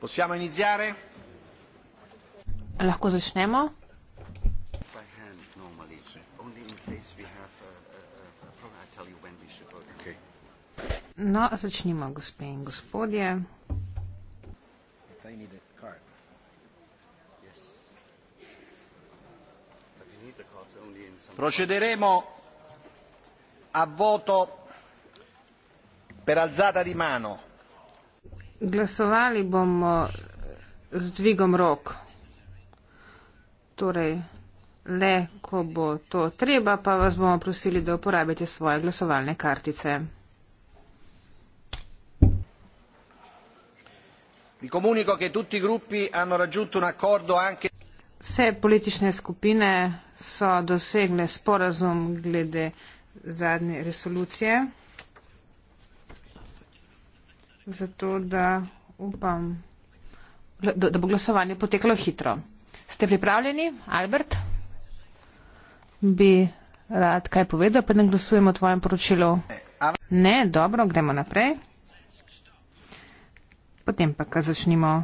Possiamo iniziare? Lahko začnemo. No, začnimo, gospe in gospodje. Procederemo a voto per alzata di mano. Glasovali bomo z dvigom rok. Torej, le, ko bo to treba, pa vas bomo prosili, da uporabite svoje glasovalne kartice. Vse politične skupine so dosegle sporazum glede zadnje resolucije zato da upam, da, da bo glasovanje poteklo hitro. Ste pripravljeni? Albert? Bi rad kaj povedal, pa ne glasujemo o tvojem poročilu. Ne, dobro, gremo naprej. Potem pa kar začnimo.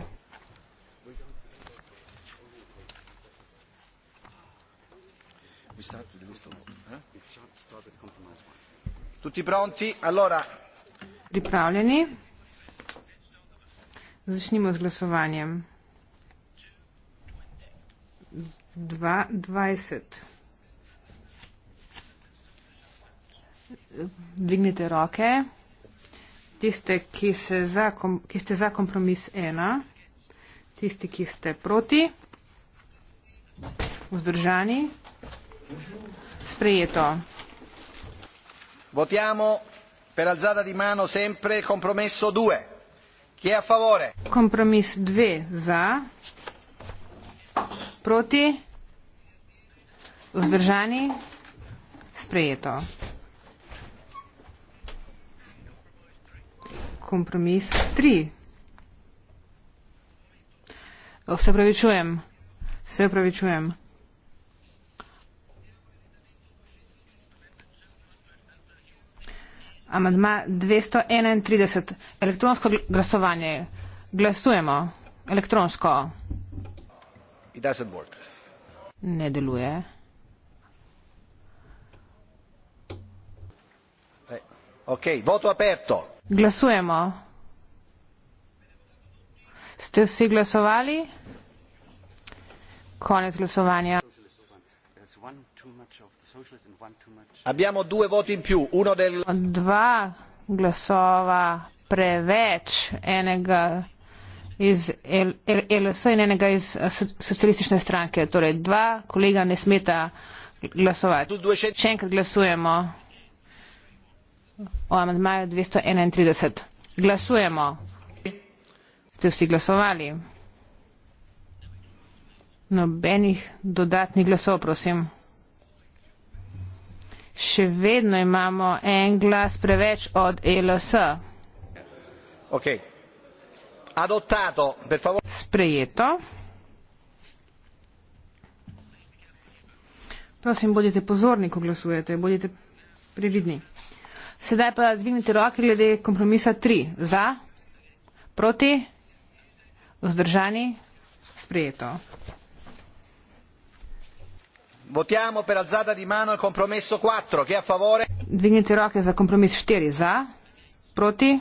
Tutti pronti? Allora. Pripravljeni? Začnimo z glasovanjem. Dva, dvajset. Dvignite roke. Tiste, ki, se za, ki ste za kompromis ena, tisti, ki ste proti, vzdržani, sprejeto. Votiamo per alzata di mano sempre compromesso 2. Je a favore. Kompromis dve za, proti, vzdržani, sprejeto. Kompromis tri. Se pravi čujem. Se pravi čujem. amadma 231. Elektronsko glasovanje. Glasujemo elektronsko. It doesn't work. Ne deluje. Eh, ok, voto aperto. Glasujemo. Ste vsi glasovali? Konec glasovanja. That's one. Abbiamo due voti in più, uno del... Dva glasova preveč, enega iz LS in enega iz socialistične stranke. Torej dva kolega ne smeta glasovati. Še enkrat glasujemo o amandmaju 231. Glasujemo. Ste vsi glasovali? Nobenih dodatnih glasov, prosim še vedno imamo en glas preveč od e LS. Okay. Adottato, per favor- Sprejeto. Prosim, bodite pozorni, ko glasujete, bodite previdni. Sedaj pa dvignite roke glede kompromisa 3. Za, proti, vzdržani, sprejeto votiamo per alzata di mano il compromesso quattro chi è a favore? dvignite roke za kompromis štiri za proti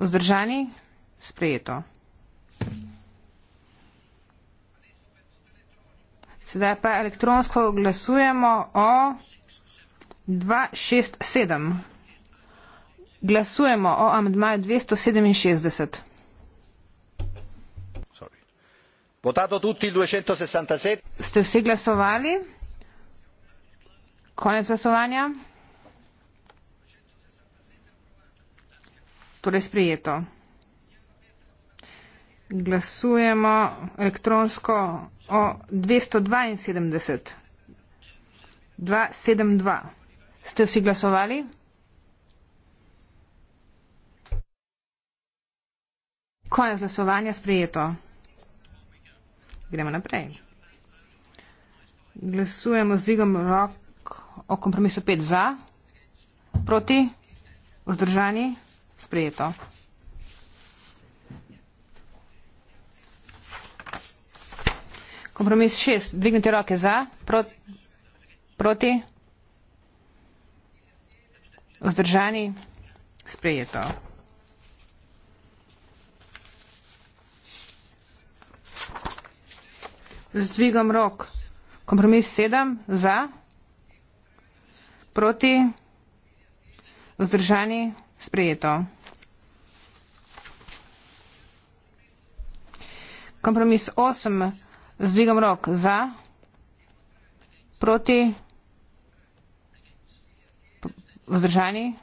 vzdržani sprejeto sedaj pa elektronsko glasujemo o dva šest sedem glasujemo o amandmaju dvesto sedeminšestdeset votato tutti il duecentosessantasette ste vsi glasovali konec glasovanja torej sprejeto glasujemo elektronsko o dvesto dvainsedemdeset dva sedem dva ste vsi glasovali konec glasovanja sprejeto Gremo naprej. Glasujemo z dvigom rok o kompromisu 5 za, proti, vzdržani, sprejeto. Kompromis 6. Dvignite roke za, proti, vzdržani, sprejeto. z dvigom rok. Kompromis sedem za, proti, vzdržani, sprejeto. Kompromis osem z dvigom rok za, proti, vzdržani,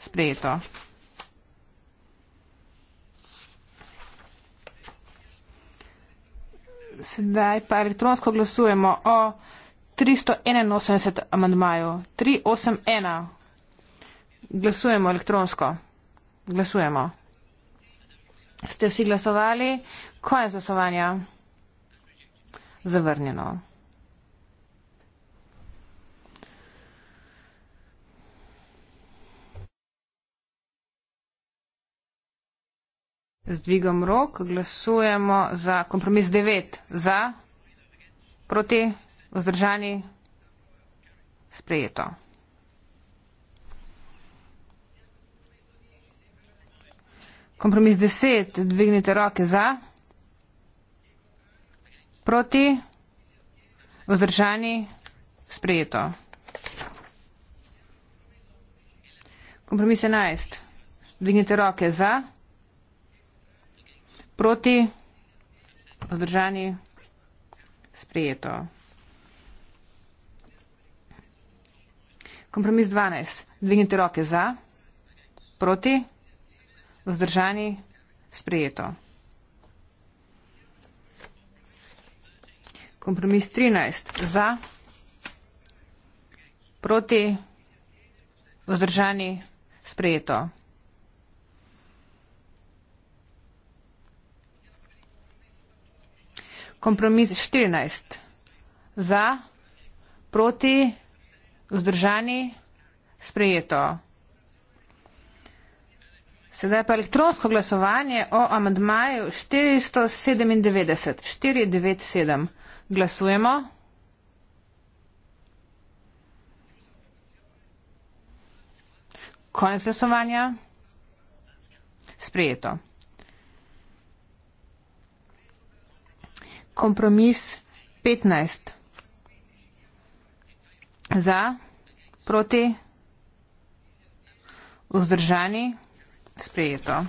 sprejeto. Sedaj pa elektronsko glasujemo o 381 amandmaju. 381. Glasujemo elektronsko. Glasujemo. Ste vsi glasovali? Konec glasovanja. Zavrnjeno. Z dvigom rok glasujemo za kompromis 9 za, proti, vzdržani, sprejeto. Kompromis 10, dvignite roke za, proti, vzdržani, sprejeto. Kompromis 11, dvignite roke za, proti, vzdržani, sprejeto. Proti? Vzdržani? Sprejeto. Kompromis 12. Dvignite roke za. Proti? Vzdržani? Sprejeto. Kompromis 13. Za. Proti? Vzdržani? Sprejeto. Sprejeto. kompromis štirinajst za proti vzdržani sprejeto sedaj pa elektronsko glasovanje o amandmaju štiristo sedemindevetdeset štiri devet sedem glasujemo konec glasovanja sprejeto kompromis 15. Za, proti, vzdržani, sprejeto.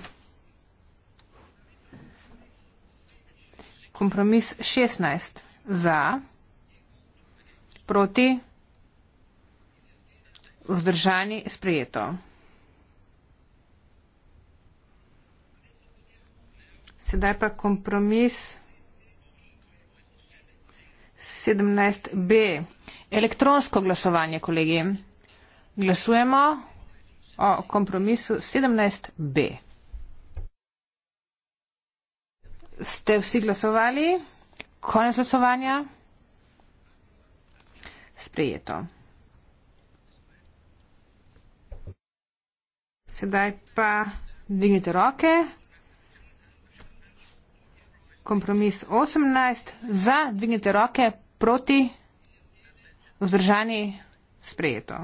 Kompromis 16. Za, proti, vzdržani, sprejeto. Sedaj pa kompromis 17. 17b. Elektronsko glasovanje, kolegi. Glasujemo o kompromisu 17b. Ste vsi glasovali? Konec glasovanja? Sprejeto. Sedaj pa dvignite roke kompromis 18, za dvignite roke, proti vzdržani sprejeto.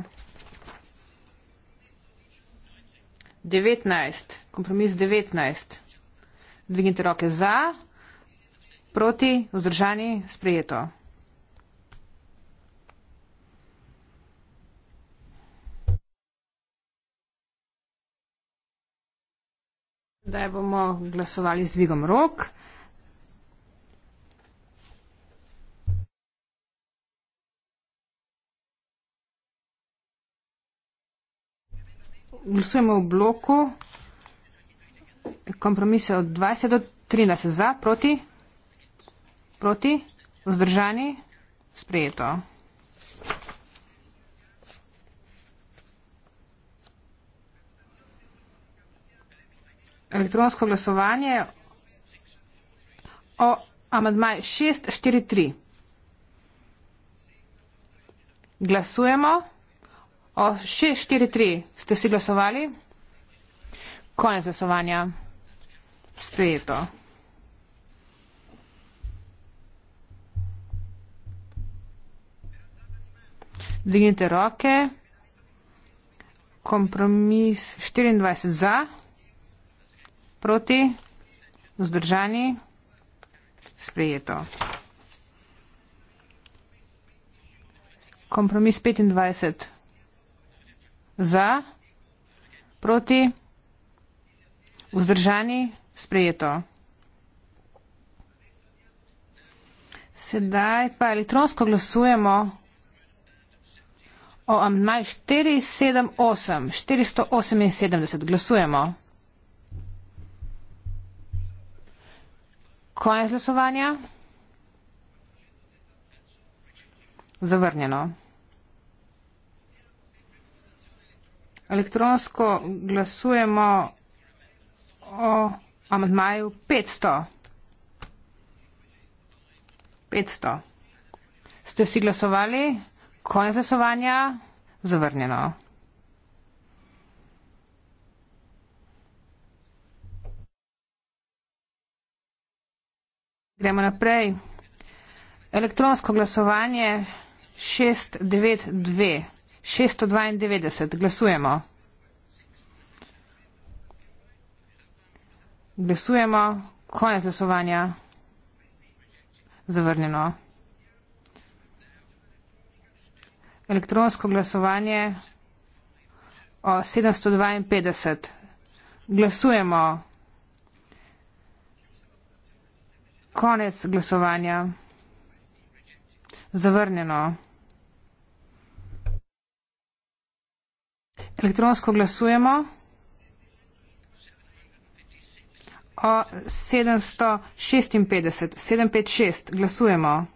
19, kompromis 19, dvignite roke za, proti vzdržani sprejeto. 19, da bomo glasovali z dvigom rok. glasujemo v bloku kompromise od 20 do 13 za, proti, proti, vzdržani, sprejeto. Elektronsko glasovanje o amadmaj 643. Glasujemo. O, še 4-3 ste si glasovali. Konec glasovanja. Sprejeto. Dvignite roke. Kompromis 24 za, proti, vzdržani, sprejeto. Kompromis 25. Za? Proti? Vzdržani? Sprejeto. Sedaj pa elektronsko glasujemo o amnaj 478, 478 glasujemo. Konec glasovanja? Zavrnjeno. elektronsko glasujemo o amantmaju 500. 500. Ste vsi glasovali? Konec glasovanja? Zavrnjeno. Gremo naprej. Elektronsko glasovanje 692. 692. Glasujemo. Glasujemo. Konec glasovanja. Zavrnjeno. Elektronsko glasovanje o 752. Glasujemo. Konec glasovanja. Zavrnjeno. Elektronsko glasujemo o 756. 756. Glasujemo.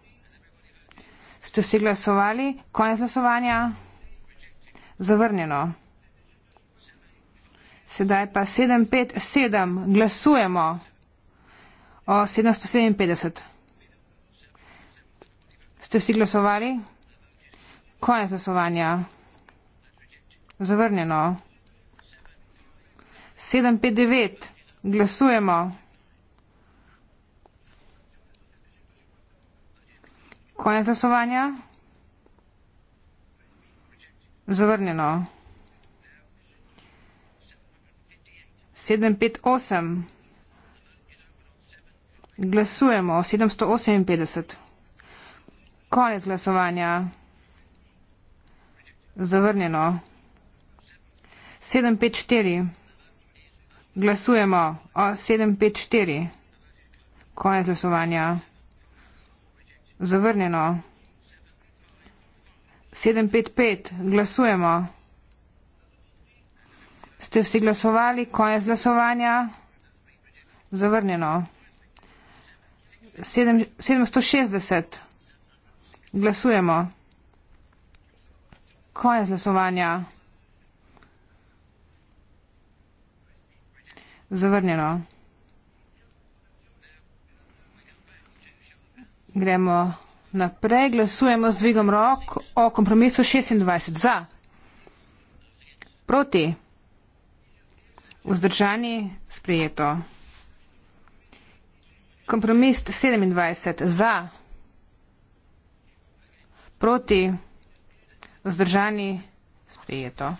Ste vsi glasovali? Konec glasovanja? Zavrnjeno. Sedaj pa 757. Glasujemo o 757. Ste vsi glasovali? Konec glasovanja? Zavrnjeno. 759. Glasujemo. Konec glasovanja. Zavrnjeno. 758. Glasujemo. 758. Konec glasovanja. Zavrnjeno. 754. Glasujemo o 754. Konec glasovanja. Zavrnjeno. 755. Glasujemo. Ste vsi glasovali? Konec glasovanja. Zavrnjeno. 7, 760. Glasujemo. Konec glasovanja. Zavrnjeno. Gremo naprej. Glasujemo z dvigom rok o kompromisu 26. Za. Proti. Vzdržani. Sprijeto. Kompromis 27. Za. Proti. Vzdržani. Sprijeto.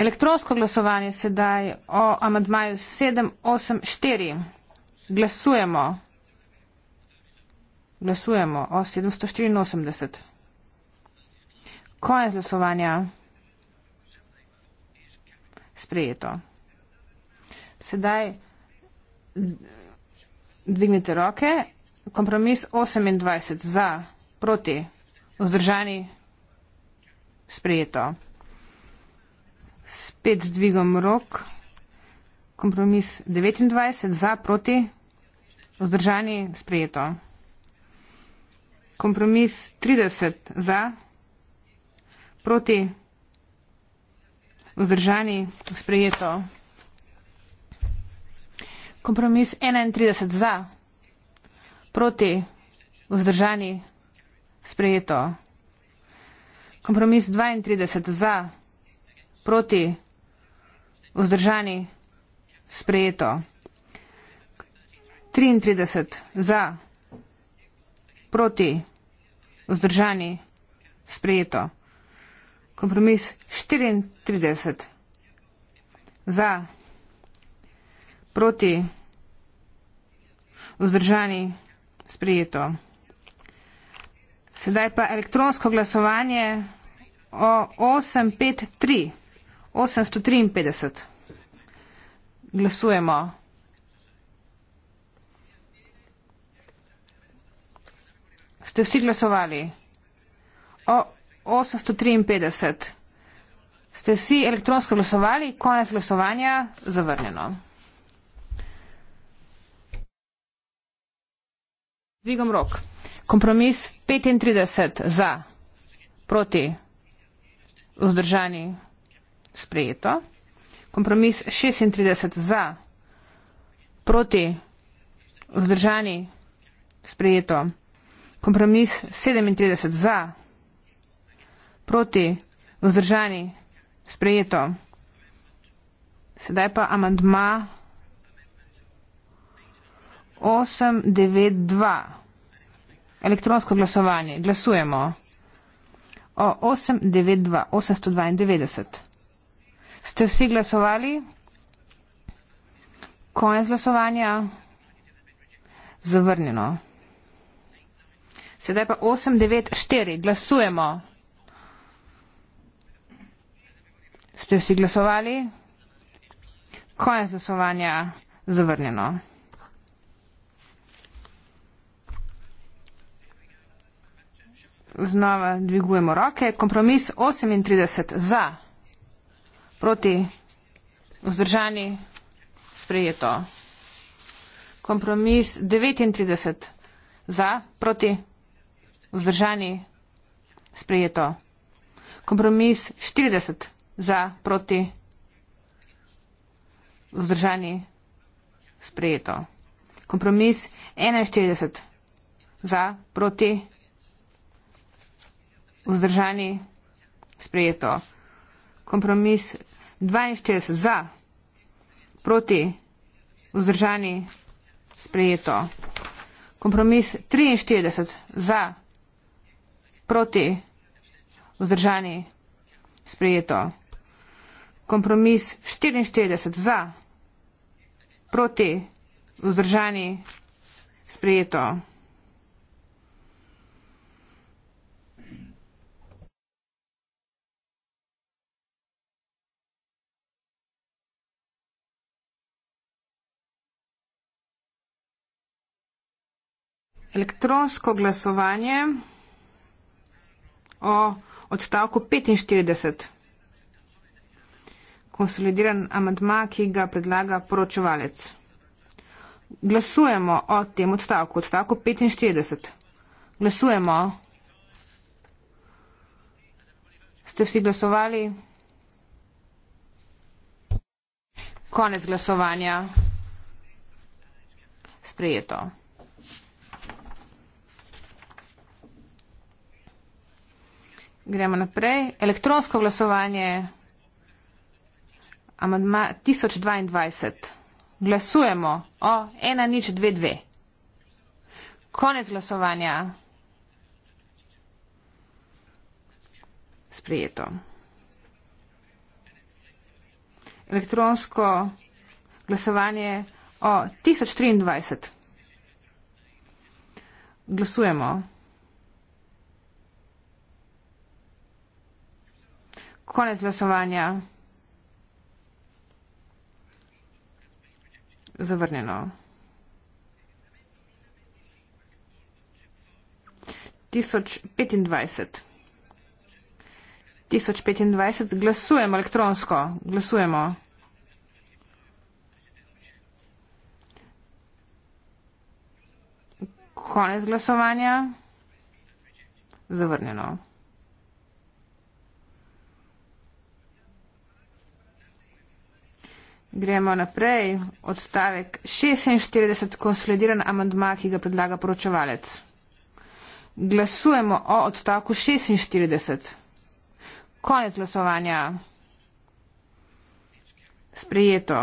elektronsko glasovanje sedaj o amadmaju 784. Glasujemo. Glasujemo o 784. Konec glasovanja. Sprejeto. Sedaj dvignite roke. Kompromis 28 za, proti, vzdržani, sprejeto. Spet dvigom rok. Kompromis 29 za proti. Vzdržani sprejeto. Kompromis 30 za proti. Vzdržani sprejeto. Kompromis 31 za proti. Vzdržani sprejeto. Kompromis 32 za proti proti vzdržani sprejeto. 33 za proti vzdržani sprejeto. Kompromis 34 za proti vzdržani sprejeto. Sedaj pa elektronsko glasovanje o 853. 853. Glasujemo. Ste vsi glasovali? O 853. Ste vsi elektronsko glasovali? Konec glasovanja. Zavrnjeno. Dvigom rok. Kompromis 35 za. Proti. Vzdržani sprejeto. Kompromis 36 za, proti, vzdržani, sprejeto. Kompromis 37 za, proti, vzdržani, sprejeto. Sedaj pa amandma 892. Elektronsko glasovanje. Glasujemo o 892, 892. Ste vsi glasovali? Konec glasovanja? Zavrnjeno. Sedaj pa 8-9-4. Glasujemo. Ste vsi glasovali? Konec glasovanja? Zavrnjeno. Znova dvigujemo roke. Kompromis 38 za. Proti vzdržani sprejeto. Kompromis 39 za, proti vzdržani sprejeto. Kompromis 40 za, proti vzdržani sprejeto. Kompromis 41 za, proti vzdržani sprejeto kompromis 62 za, proti, vzdržani, sprejeto. Kompromis 43 za, proti, vzdržani, sprejeto. Kompromis 44 za, proti, vzdržani, sprejeto. elektronsko glasovanje o odstavku 45. Konsolidiran amadma, ki ga predlaga poročevalec. Glasujemo o tem odstavku, odstavku 45. Glasujemo. Ste vsi glasovali? Konec glasovanja. Sprejeto. gremo naprej. Elektronsko glasovanje, amadma 1022. Glasujemo o 1022. Konec glasovanja. Sprijeto. Elektronsko glasovanje o 1023. Glasujemo. Konec glasovanja. Zavrnjeno. Tisoč petindvajset. Tisoč petindvajset. Glasujemo elektronsko. Glasujemo. Konec glasovanja. Zavrnjeno. Gremo naprej. Odstavek 46, konsolidiran amandma, ki ga predlaga poročevalec. Glasujemo o odstavku 46. Konec glasovanja. Sprejeto.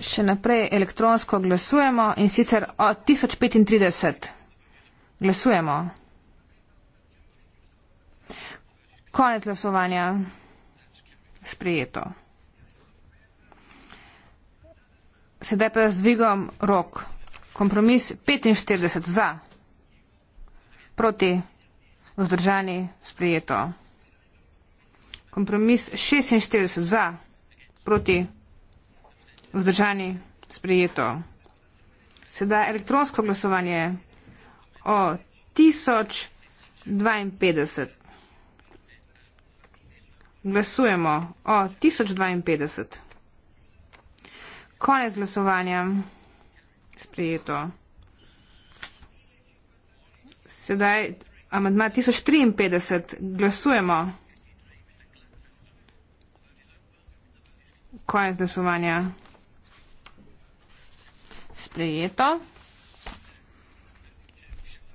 Še naprej elektronsko glasujemo in sicer o 1035. Glasujemo. Konec glasovanja sprejeto. Sedaj pa z dvigom rok. Kompromis 45 za, proti vzdržani sprejeto. Kompromis 46 za, proti vzdržani sprejeto. Sedaj elektronsko glasovanje o 1052. Glasujemo o 1052. Konec glasovanja. Sprijeto. Sedaj amadma 1053. Glasujemo. Konec glasovanja. Sprijeto.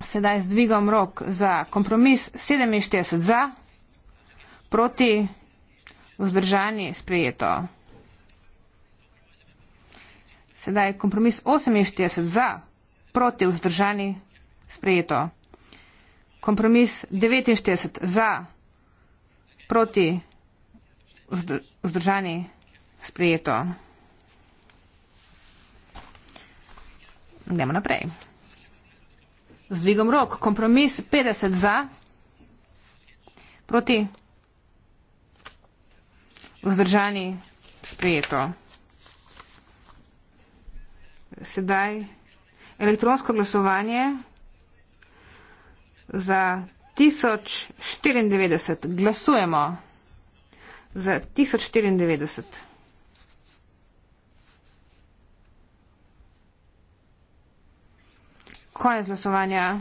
Sedaj z dvigom rok za kompromis 67 za, proti vzdržani sprejeto. Sedaj kompromis 48 za, proti vzdržani sprejeto. Kompromis 49 za, proti vzdržani sprejeto. Gremo naprej. Z dvigom rok kompromis 50 za, proti Vzdržani sprejeto. Sedaj elektronsko glasovanje za 1094. Glasujemo za 1094. Konec glasovanja.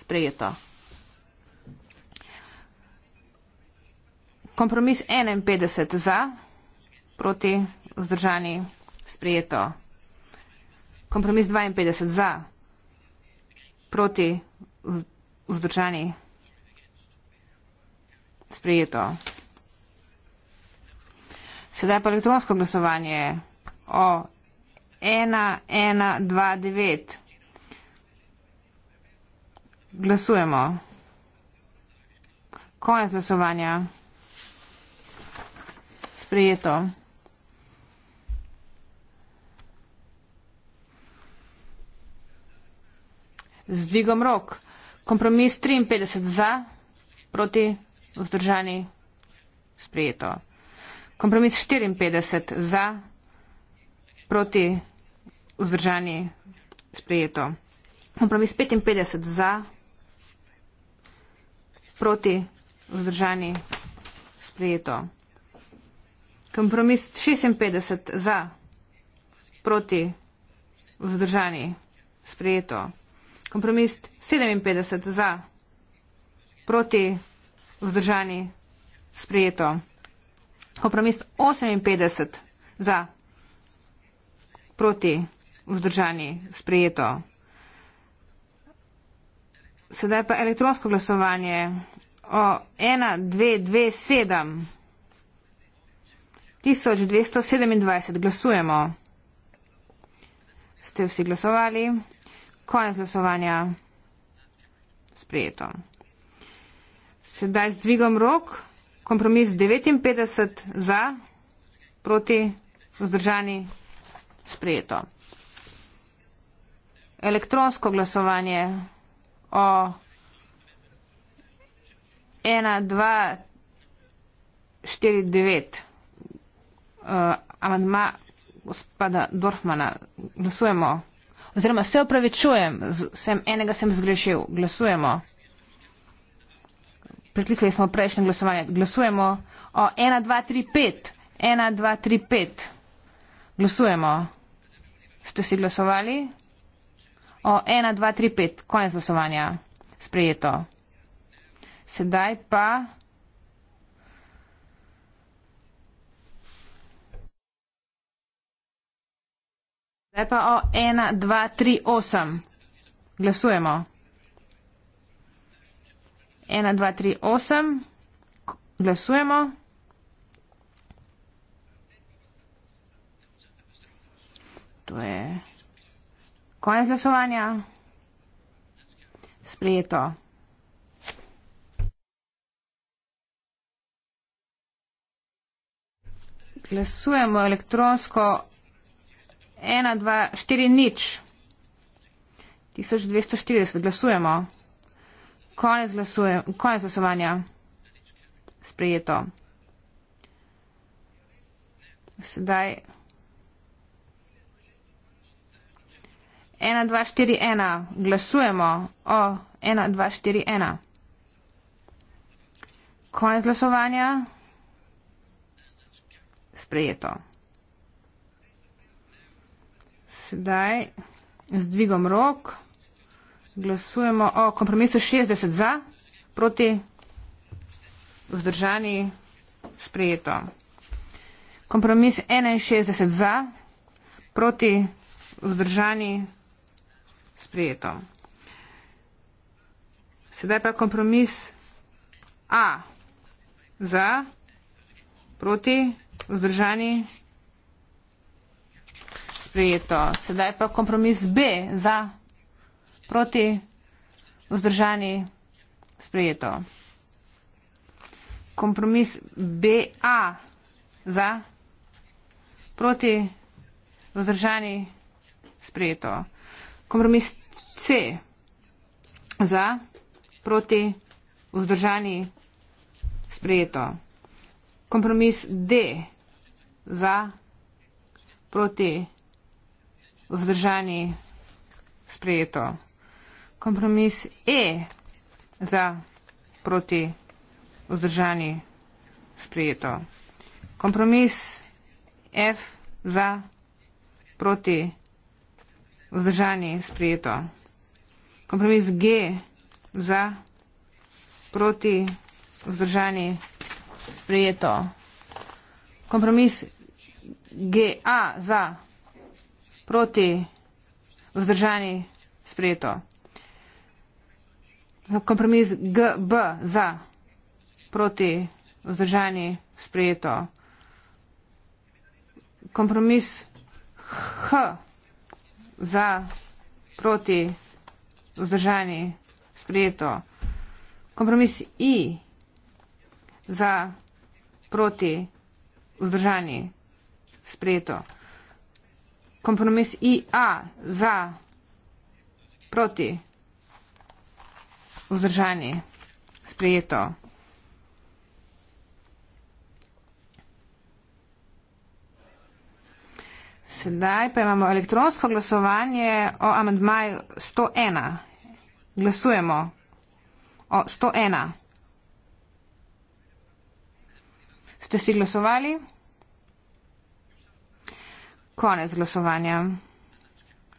Sprejeto. Kompromis 51 za, proti vzdržani sprejeto. Kompromis 52 za, proti vzdržani sprejeto. Sedaj pa elektronsko glasovanje o 1129. Glasujemo. Konec glasovanja sprejeto. Z dvigom rok. Kompromis 53 za, proti, vzdržani, sprejeto. Kompromis 54 za, proti, vzdržani, sprejeto. Kompromis 55 za, proti, vzdržani, sprejeto kompromis 56 za, proti vzdržani, sprejeto. Kompromis 57 za, proti vzdržani, sprejeto. Kompromis 58 za, proti vzdržani, sprejeto. Sedaj pa elektronsko glasovanje o 1, 2, 2, 7. 1227. Glasujemo. Ste vsi glasovali? Konec glasovanja. Sprijeto. Sedaj z dvigom rok. Kompromis 59 za, proti, vzdržani. Sprijeto. Elektronsko glasovanje o 1, 2, 4, 9 uh, amandma gospoda Dorfmana. Glasujemo. Oziroma, se opravičujem, sem enega sem zgrešil. Glasujemo. Priklicali smo prejšnje glasovanje. Glasujemo. O, 1, 2, 3, 5. 1, 2, 3, 5. Glasujemo. Ste si glasovali? O, 1, 2, 3, 5. Konec glasovanja. Sprejeto. Sedaj pa. pa o 1, 2, 3, 8. Glasujemo. 1, 2, 3, 8. Glasujemo. To je konec glasovanja. Sprejeto. Glasujemo elektronsko ena, dva, štiri, nič. 1240, glasujemo. Konec, glasujem, konec glasovanja. Sprejeto. Sedaj. 1, 2, 4, 1. Glasujemo. O, 1, 2, 4, 1. Konec glasovanja. Sprejeto sedaj z dvigom rok glasujemo o kompromisu 60 za, proti vzdržani sprejeto. Kompromis 61 za, proti vzdržani sprejeto. Sedaj pa kompromis A za, proti vzdržani sprejeto sprejeto. Sedaj pa kompromis B za, proti, vzdržani, sprejeto. Kompromis BA za, proti, vzdržani, sprejeto. Kompromis C za, proti, vzdržani, sprejeto. Kompromis D za, proti, vzdržani, sprejeto vzdržani sprejeto. Kompromis E za proti vzdržani sprejeto. Kompromis F za proti vzdržani sprejeto. Kompromis G za proti vzdržani sprejeto. Kompromis GA za proti vzdržani sprejeto proti vzdržani sprejeto. Kompromis GB za proti vzdržani sprejeto. Kompromis H za proti vzdržani sprejeto. Kompromis I za proti vzdržani sprejeto kompromis IA za proti vzdržani sprejeto. Sedaj pa imamo elektronsko glasovanje o amendmaju 101. Glasujemo o 101. Ste si glasovali? Konec glasovanja.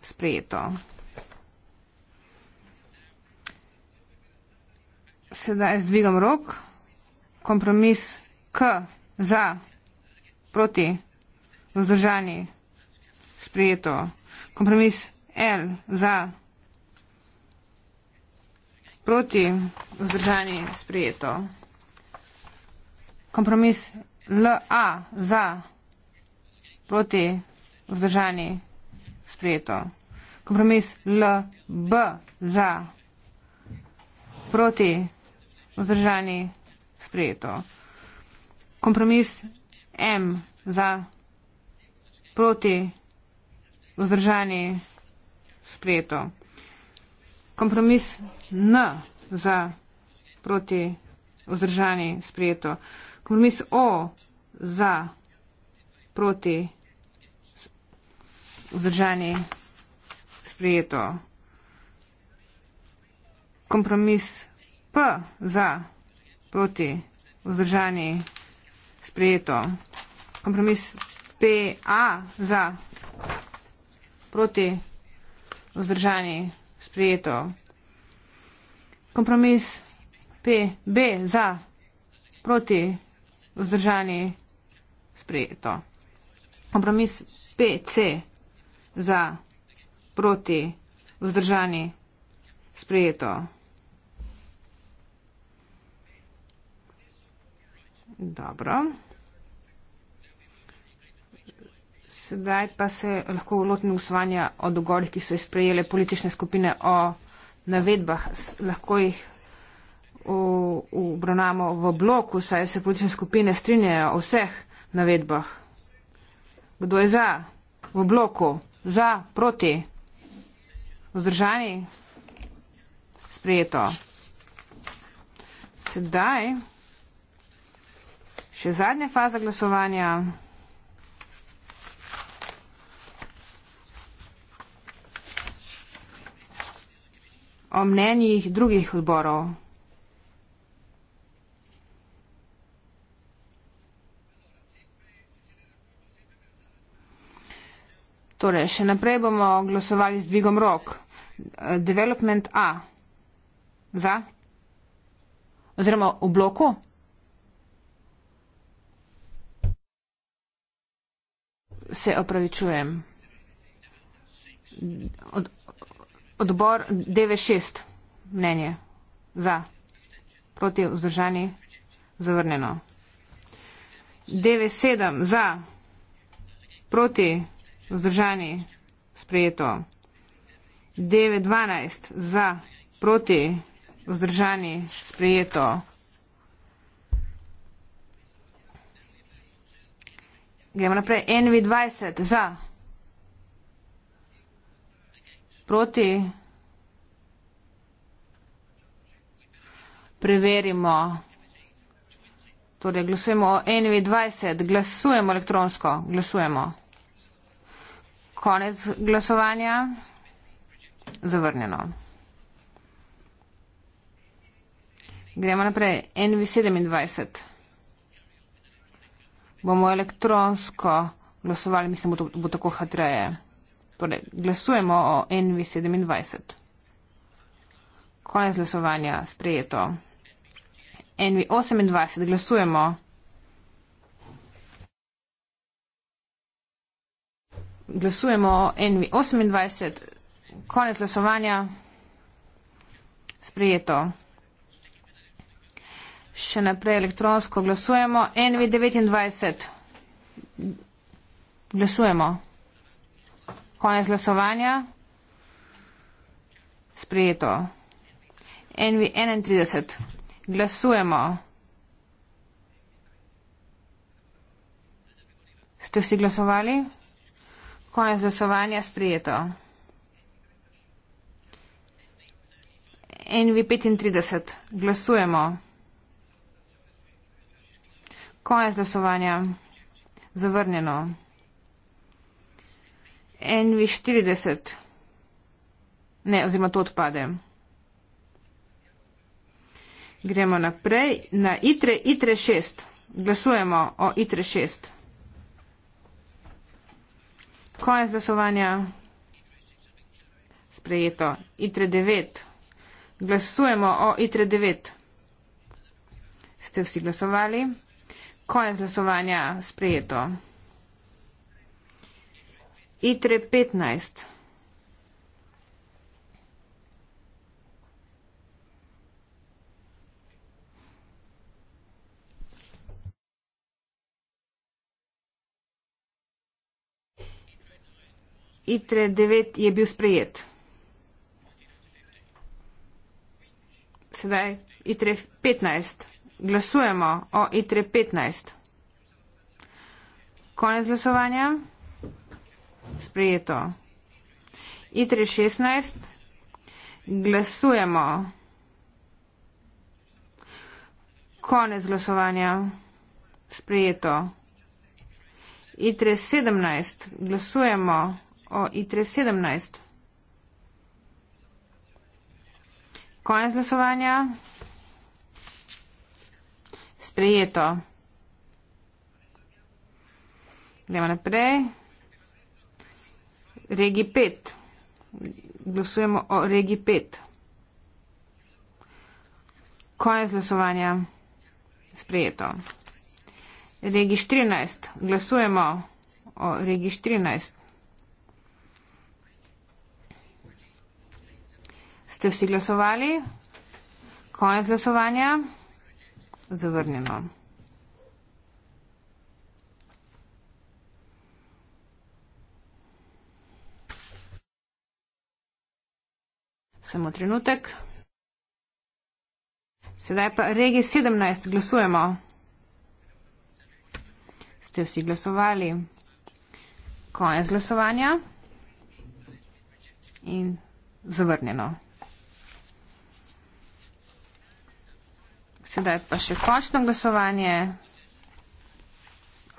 Sprejeto. Sedaj zdvigam rok. Kompromis K za proti vzdržani. Sprejeto. Kompromis L za proti vzdržani. Sprejeto. Kompromis LA za proti vzdržani vzdržani sprejeto. Kompromis LB za proti vzdržani sprejeto. Kompromis M za proti vzdržani sprejeto. Kompromis N za proti vzdržani sprejeto. Kompromis O za proti vzdržani sprejeto vzdržani sprejeto. Kompromis P za proti vzdržani sprejeto. Kompromis PA za proti vzdržani sprejeto. Kompromis PB za proti vzdržani sprejeto. Kompromis PC za, proti, vzdržani, sprejeto. Dobro. Sedaj pa se lahko vlotnim usvanja o dogorih, ki so jih sprejele politične skupine o navedbah. Lahko jih obravnamo v bloku, saj se politične skupine strinjajo o vseh navedbah. Kdo je za? V bloku. Za, proti. Vzdržani. Sprejeto. Sedaj še zadnja faza glasovanja. O mnenjih drugih odborov. Torej, še naprej bomo glasovali z dvigom rok. Development A. Za? Oziroma v bloku? Se opravičujem. Od, odbor DV6. Mnenje. Za. Proti vzdržani. Zavrneno. DV7. Za. Proti. Vzdržani. Sprejeto. 912 za. Proti. Vzdržani. Sprejeto. Gremo naprej. NV20 za. Proti. Preverimo. Torej, glasujemo o NV20. Glasujemo elektronsko. Glasujemo konec glasovanja zavrnjeno. Gremo naprej. NV27. Bomo elektronsko glasovali, mislim, bo, to, bo tako hitreje. Torej, glasujemo o NV27. Konec glasovanja sprejeto. NV28 glasujemo. Glasujemo o NV28. Konec glasovanja. Sprejeto. Še naprej elektronsko glasujemo. NV29. Glasujemo. Konec glasovanja. Sprejeto. NV31. Glasujemo. Ste vsi glasovali? Konec glasovanja sprijeto. NV 35. Glasujemo. Konec glasovanja. Zavrnjeno. NV 40. Ne, oziroma to odpade. Gremo naprej na ITRE, ITRE 6. Glasujemo o ITRE 6. Konec glasovanja. Sprejeto. ITRE 9. Glasujemo o ITRE 9. Ste vsi glasovali? Konec glasovanja. Sprejeto. ITRE 15. ITRE 9 je bil sprejet. Sedaj ITRE 15. Glasujemo o ITRE 15. Konec glasovanja. Sprejeto. ITRE 16. Glasujemo. Konec glasovanja. Sprejeto. ITRE 17. Glasujemo o ITRE 17. Konec glasovanja. Sprejeto. Gremo naprej. Regi 5. Glasujemo o regi 5. Konec glasovanja. Sprejeto. Regi 14. Glasujemo o regi 14. Ste vsi glasovali? Konec glasovanja? Zavrnjeno. Samo trenutek. Sedaj pa regi 17. Glasujemo. Ste vsi glasovali? Konec glasovanja? In zavrnjeno. Sedaj pa še končno glasovanje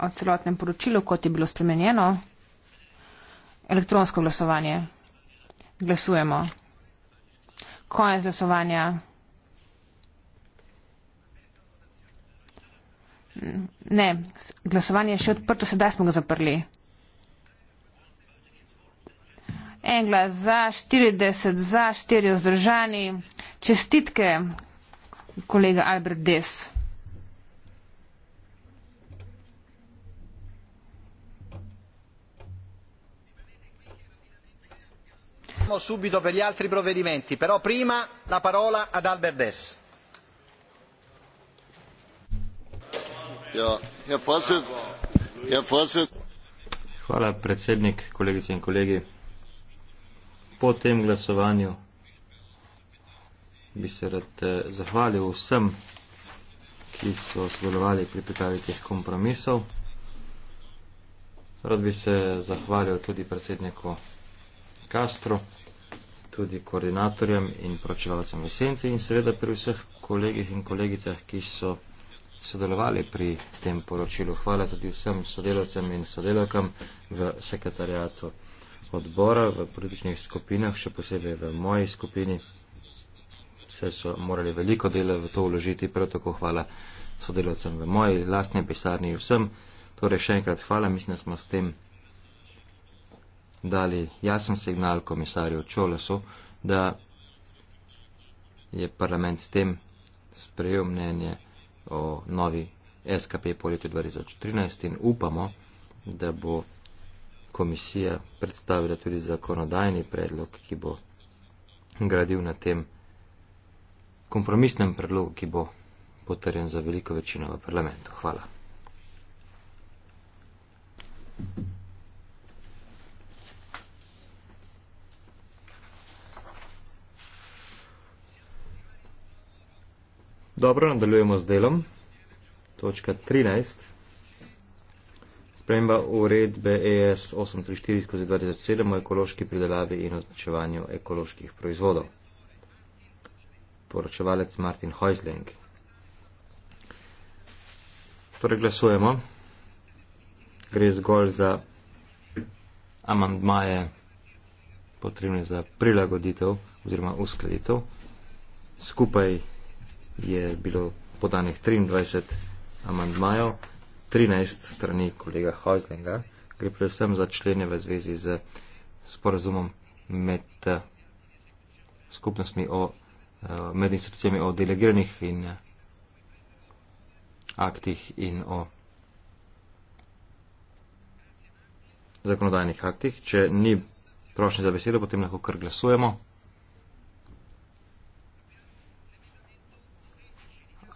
o celotnem poročilu, kot je bilo spremenjeno. Elektronsko glasovanje. Glasujemo. Konec glasovanja. Ne, glasovanje je še odprto, sedaj smo ga zaprli. En glas za, 40 za, 4 vzdržani. Čestitke, kolega Albert Des. Siamo subito per gli altri provvedimenti, però prima la parola ad Albert Des. Ja, Herr Vorsitz, Herr Vorsitz. Hvala predsednik, kolegice in kolegi. Po tem glasovanju bi se rad eh, zahvalil vsem, ki so sodelovali pri pripravi teh kompromisov. Rad bi se zahvalil tudi predsedniku Castro, tudi koordinatorjem in pročevalcem v senci in seveda pri vseh kolegih in kolegicah, ki so sodelovali pri tem poročilu. Hvala tudi vsem sodelovcem in sodelovkam v sekretarijatu odbora, v političnih skupinah, še posebej v moji skupini saj so morali veliko dela v to vložiti, prav tako hvala sodelovcem v moji lastni pisarni vsem. Torej še enkrat hvala, mislim, da smo s tem dali jasen signal komisarju Čolesu, da je parlament s tem sprejel mnenje o novi SKP poleti 2013 in upamo, da bo komisija predstavila tudi zakonodajni predlog, ki bo gradil na tem, kompromisnem predlogu, ki bo potrjen za veliko večino v parlamentu. Hvala. Dobro, nadaljujemo z delom. Točka 13. Sprememba uredbe e ES 834-2007 o ekološki pridelavi in označevanju ekoloških proizvodov poročevalec Martin Heusling. Torej glasujemo. Gre zgolj za amandmaje potrebne za prilagoditev oziroma uskladitev. Skupaj je bilo podanih 23 amandmajev, 13 strani kolega Heuslinga. Gre predvsem za člene v zvezi z sporazumom med eh, skupnostmi o Eh, med institucijami o delegiranih in eh, aktih in o zakonodajnih aktih. Če ni prošnje za besedo, potem lahko kar glasujemo.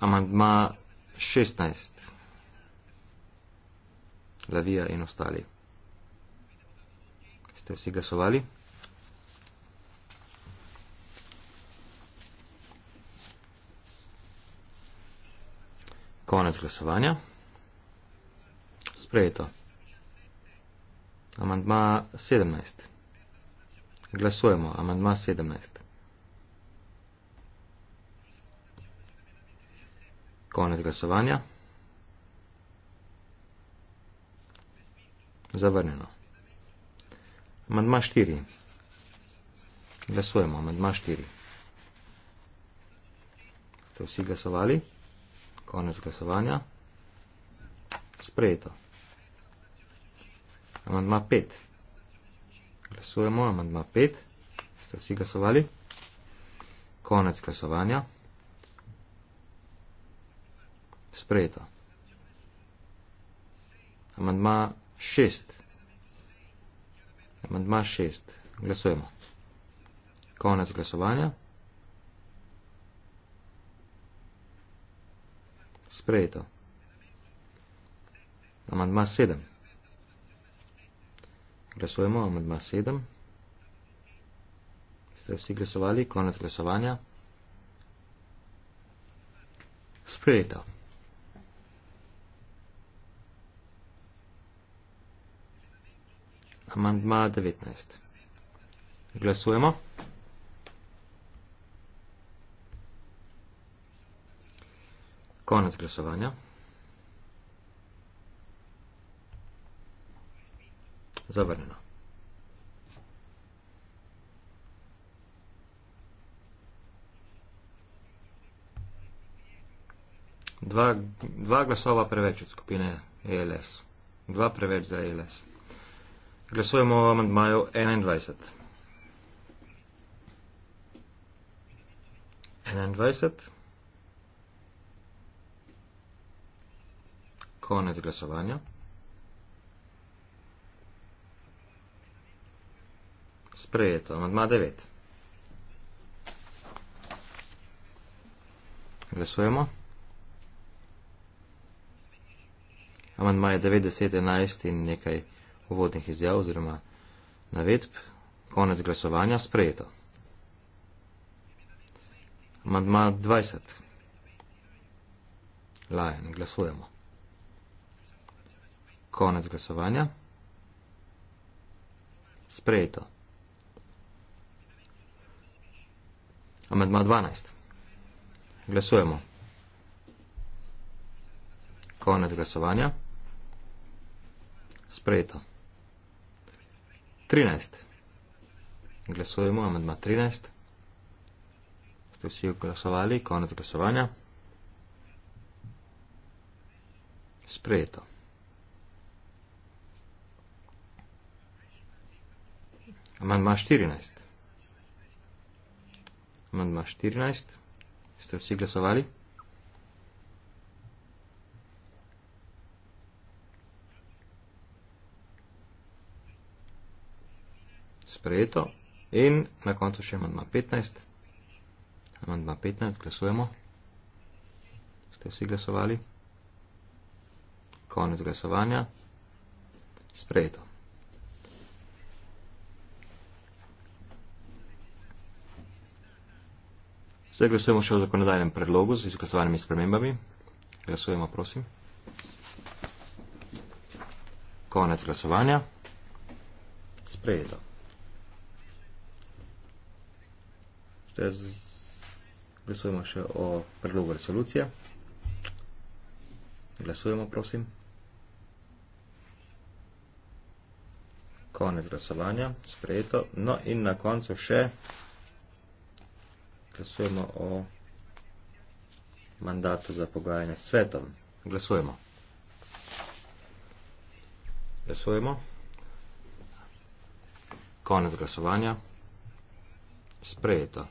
Amandma 16. Lavija in ostali. Ste vsi glasovali? Konec glasovanja. Sprejeto. Amandma 17. Glasujemo. Amandma 17. Konec glasovanja. Zavrnjeno. Amandma 4. Glasujemo. Amandma 4. Ste vsi glasovali? Konec glasovanja. Sprejeto. Amandma 5. Glasujemo, amandma 5. Ste vsi glasovali? Konec glasovanja. Sprejeto. Amandma 6. Amandma 6. Glasujemo. Konec glasovanja. sprejeto. Amandma 7. Glasujemo amandma 7. Ste vsi glasovali? Konec glasovanja. Sprejeto. Amandma 19. Glasujemo. Konec glasovanja. Zavrnjeno. Dva, dva glasova preveč od skupine ELS. Dva preveč za ELS. Glasujemo o amandmaju 21. 21. konec glasovanja. Sprejeto. Amadma 9. Glasujemo. Amadma je 9, 10, 11 in nekaj uvodnih izjav oziroma navedb. Konec glasovanja. Sprejeto. Amadma 20. Lajen. Glasujemo. Konec glasovanja. Sprejeto. Amedma 12. Glasujemo. Konec glasovanja. Sprejeto. 13. Glasujemo. Amedma 13. Ste vsi glasovali. Konec glasovanja. Sprejeto. Amandma 14. Amandma 14. Ste vsi glasovali? Sprejeto. In na koncu še amandma 15. Amandma 15. Glasujemo. Ste vsi glasovali? Konec glasovanja. Sprejeto. Zdaj glasujemo še o zakonodajnem predlogu z izglasovanimi spremembami. Glasujemo, prosim. Konec glasovanja. Sprejeto. Zdaj glasujemo še o predlogu resolucije. Glasujemo, prosim. Konec glasovanja. Sprejeto. No in na koncu še glasujemo o mandatu za pogajanje s svetom. Glasujemo. Glasujemo. Konec glasovanja. Sprejeto.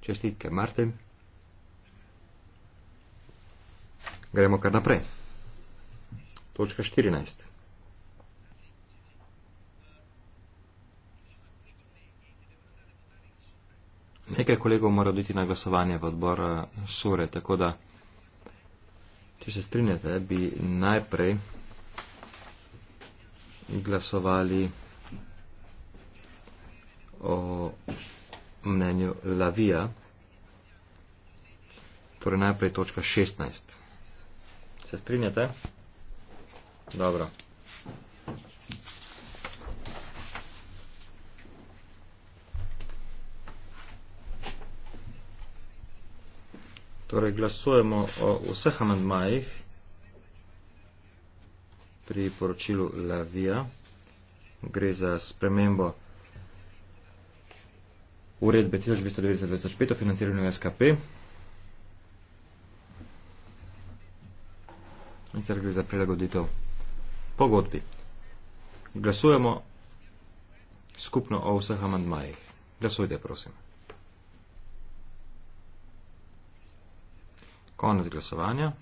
Čestitke, Martin. Gremo kar naprej. Točka 14. Nekaj kolegov mora oditi na glasovanje v odbor eh, Sure, tako da, če se strinjate, bi najprej glasovali o mnenju Lavija, torej najprej točka 16. Se strinjate? Dobro. Torej, glasujemo o vseh amendmajih pri poročilu Lavija. Gre za spremembo uredbe 1295 o financiranju SKP. In zdaj gre za prilagoditev pogodbi. Glasujemo skupno o vseh amendmajih. Glasujte, prosim. Konec glasovanja.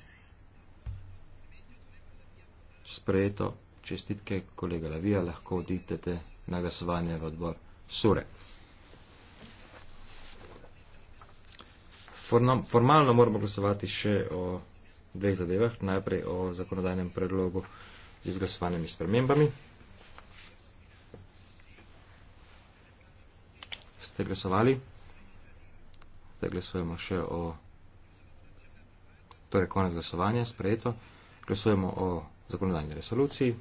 Sprejeto čestitke, kolega Lavija, lahko odidete na glasovanje v odbor Sure. Formalno moramo glasovati še o dveh zadevah. Najprej o zakonodajnem predlogu z izglasovanimi spremembami. Ste glasovali? Zdaj glasujemo še o Torej, konec glasovanja, sprejeto. Glasujemo o zakonodajni resoluciji.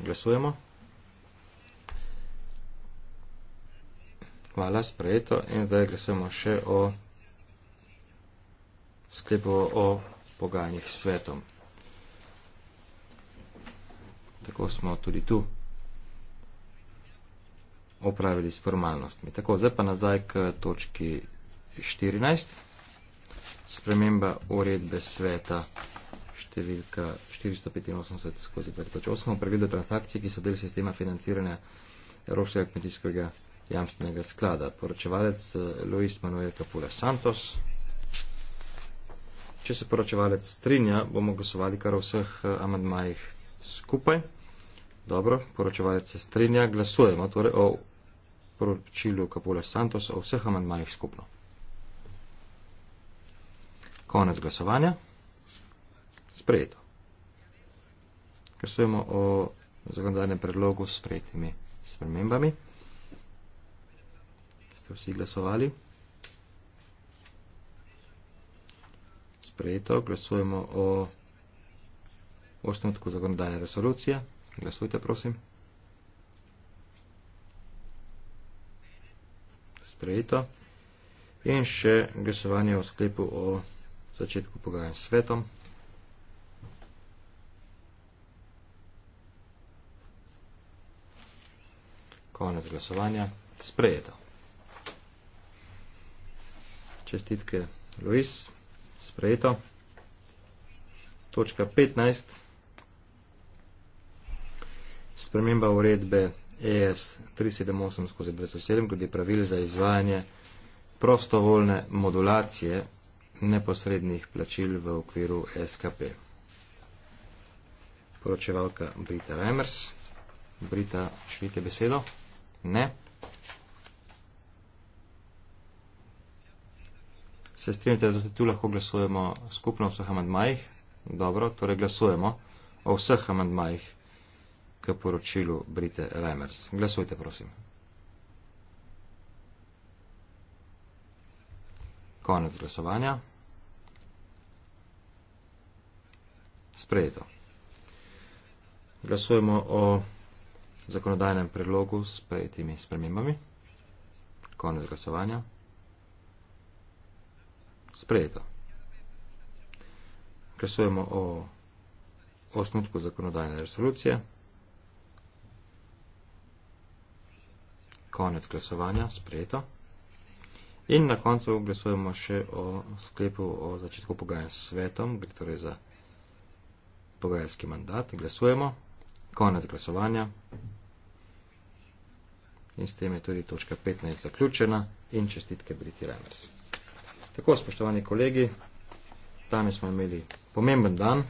Glasujemo. Hvala, sprejeto. In zdaj glasujemo še o sklepu o pogajanjih s svetom. Tako smo tudi tu opravili s formalnostmi. Tako, zdaj pa nazaj k točki 14. Sprememba uredbe sveta številka 485 skozi 2008 o pravilu transakcij, ki so del sistema financiranja Evropskega kmetijskega jamstvenega sklada. Poročevalec eh, Luis Manuel Capula Santos. Če se poročevalec strinja, bomo glasovali kar o vseh eh, amandmajih skupaj. Dobro, poročevalec se strinja, glasujemo torej o poročilu Kapula Santos o vseh amandmajih skupno. Konec glasovanja. Sprejeto. Glasujemo o zakonodajnem predlogu s sprejetimi spremembami. Ste vsi glasovali? Sprejeto. Glasujemo o osnutku zakonodajne resolucije. Glasujte, prosim. sprejeto in še glasovanje o sklepu o začetku pogajanj s svetom. Konec glasovanja. Sprejeto. Čestitke, Luis. Sprejeto. Točka 15. Sprememba uredbe ES 378-207, glede pravil za izvajanje prostovoljne modulacije neposrednih plačil v okviru SKP. Poročevalka Brita Reimers. Brita, želite besedo? Ne. Se strinjate, da tu lahko glasujemo skupno v vseh amandmajih? Dobro, torej glasujemo o vseh amandmajih k poročilu Brite Reimers. Glasujte, prosim. Konec glasovanja. Sprejeto. Glasujemo o zakonodajnem predlogu s prejetimi spremembami. Konec glasovanja. Sprejeto. Glasujemo o osnutku zakonodajne resolucije. konec glasovanja, sprejeto. In na koncu glasujemo še o sklepu o začetku pogajanj s svetom, gre torej za pogajalski mandat. Glasujemo, konec glasovanja. In s tem je tudi točka 15 zaključena in čestitke Briti Remers. Tako, spoštovani kolegi, danes smo imeli pomemben dan.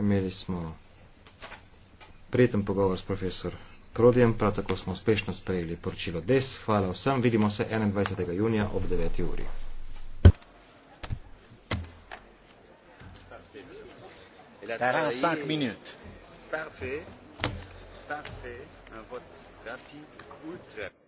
Imeli smo prijeten pogovor s profesorom. Prodijem, prav tako smo uspešno sprejeli poročilo DES. Hvala vsem, vidimo se 21. junija ob 9. uri. Parfait, parfait, un vote rapide, ultra.